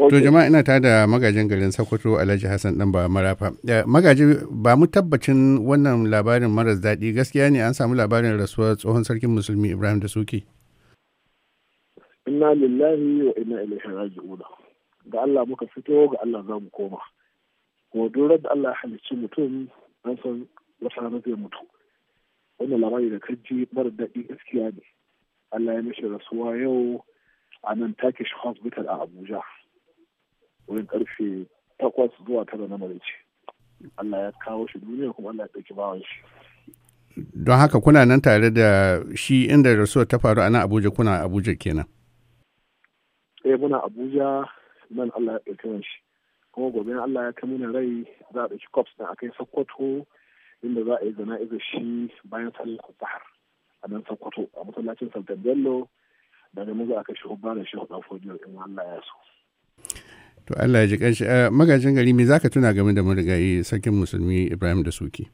To jama'a ina ta da magajin garin Sokoto Alhaji Hassan dan ba marafa. Magaji ba mu tabbacin wannan labarin maras daɗi gaskiya ne an samu labarin rasuwar tsohon sarkin musulmi Ibrahim da suke. Inna lillahi wa inna ilaihi raji'un. Ga Allah muka fito ga Allah za mu koma. Ko dole da Allah ya halicci mutum an san wata rana zai mutu. Wannan labari da kaji maras daɗi gaskiya ne. Allah ya mishi rasuwa yau a nan Turkish Hospital a Abuja. wurin karfe takwas zuwa tara na maraice Allah ya kawo shi duniya kuma Allah ya ɗauki bawan shi don haka kuna nan tare da shi inda rasuwar ta faru a nan abuja kuna abuja kenan eh muna abuja nan allah ya ɗauki shi kuma gobe allah ya kai rai za a ɗauki cops na a kai sokoto inda za a yi iza shi bayan sallar zahar a nan sokoto a masallacin santar bello daga mu za a kai shi hubba da shi hudu in allah ya so to Allah ya ji kanshi eh, magajin gari me zaka tuna game da marigayi sarkin musulmi Ibrahim da Suki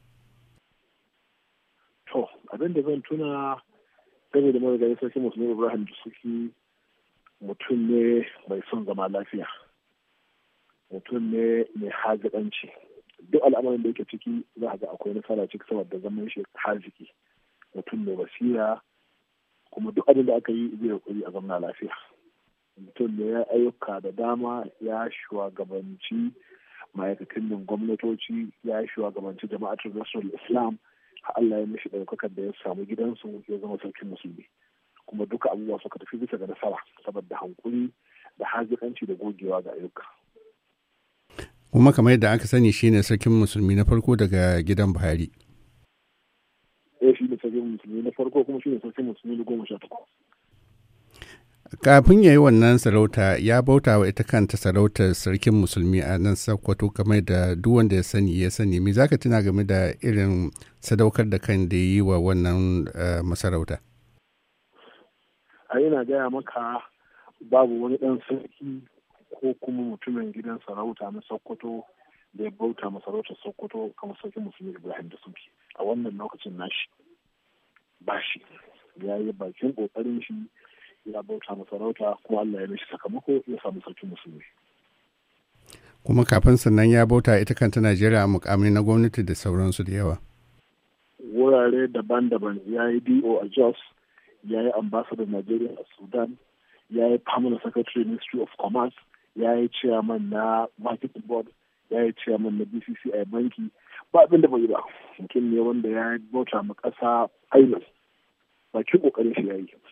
to abin da zan tuna game da marigayi sarkin musulmi Ibrahim da Suki mutum ne mai son zama lafiya mutum ne mai haziƙanci duk al'amarin da yake ciki za a ga akwai nasara ciki saboda zaman shi haziki mutum mai basira kuma duk abin da aka yi zai yi a zamna lafiya mutum da ya ayyuka da dama ya shugabanci ma'aikatan gwamnatoci ya shugabanci jama'atul nasarar islam Allah ya mishi ɗaukakar da ya samu gidansu ya zama sarkin musulmi kuma duka abubuwa suka tafi bisa ga nasara saboda hankuri da hazikanci da gogewa ga ayyuka kuma kamar yadda aka sani shine sarkin musulmi na farko daga gidan buhari eh shi ne sarkin musulmi na farko kuma shi ne sarkin musulmi na goma sha takwas kafin ya yi wannan sarauta ya bauta wa ita kanta sarautar sarkin musulmi a nan sakwato kamar da duk wanda ya sani ya sani me zaka tuna game da irin sadaukar da kan da yi wa wannan eh, masarauta a yana gaya maka babu wani ɗan sarki ko kuma mutumin gidan sarauta na sakwato da ya bauta masarautar sakwato kamar sarkin musulmi ibrahim da suke a wannan lokacin nashi ba shi ya yi bakin kokarin shi ya bauta rauta kuma Allah ya mishi sakamako ya samu sarki musulmi kuma kafin sannan ya bauta ita kanta Najeriya a mukamai na gwamnati da sauransu da yawa wurare daban-daban ya yi DO a Jos ya yi ambassador Najeriya a Sudan ya yi permanent secretary ministry of commerce ya yi chairman na market board ya yi chairman na bcci banki ba abin da bai ba mutum ne wanda ya bauta ma ƙasa ainihin bakin ƙoƙarin shi ya yi